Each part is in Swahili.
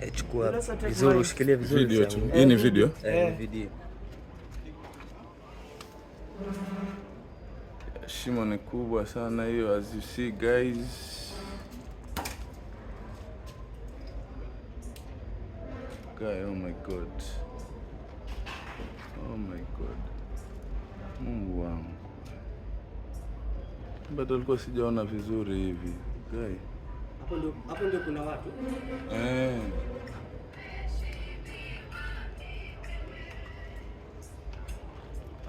Eh, chukua vizuri, ushikilie vizuri. Video tu hii ni video eh, eh. video. Shimo ni kubwa sana hiyo, as you see guys Guy, oh my God. Oh my God. Mungu wangu. Bado alikuwa sijaona vizuri hivi. Guy. Okay hapo ndio hapo ndio kuna watu eh.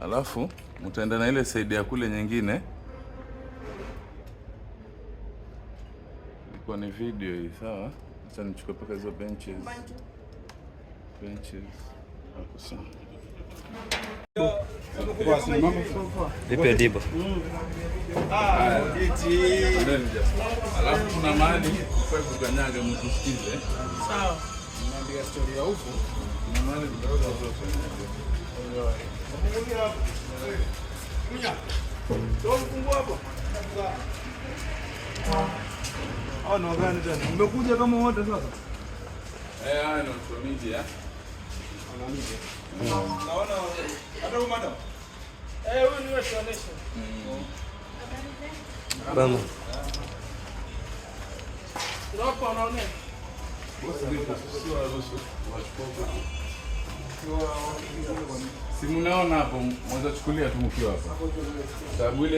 Alafu mtaenda na ile saidi ya kule nyingine, ilikuwa ni video hii, sawa. Sasa nichukue paka hizo benches, benches hapo sawa. Lipe Diba. Alafu kuna mahali kwa kukanyaga mtusikize. Sawa. Naambia story ya huko. Kuna mahali ndio Kuja. Ndio mfungo hapo. Ah, na gani tena? Umekuja kama wote sasa? Eh, haya ndio media. Ana media. Naona Si mnaona hapo, mwanza chukulia tu mkiwa hapa. Sababu ile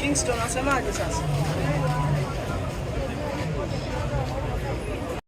Kingston আছে মার্কেস আছে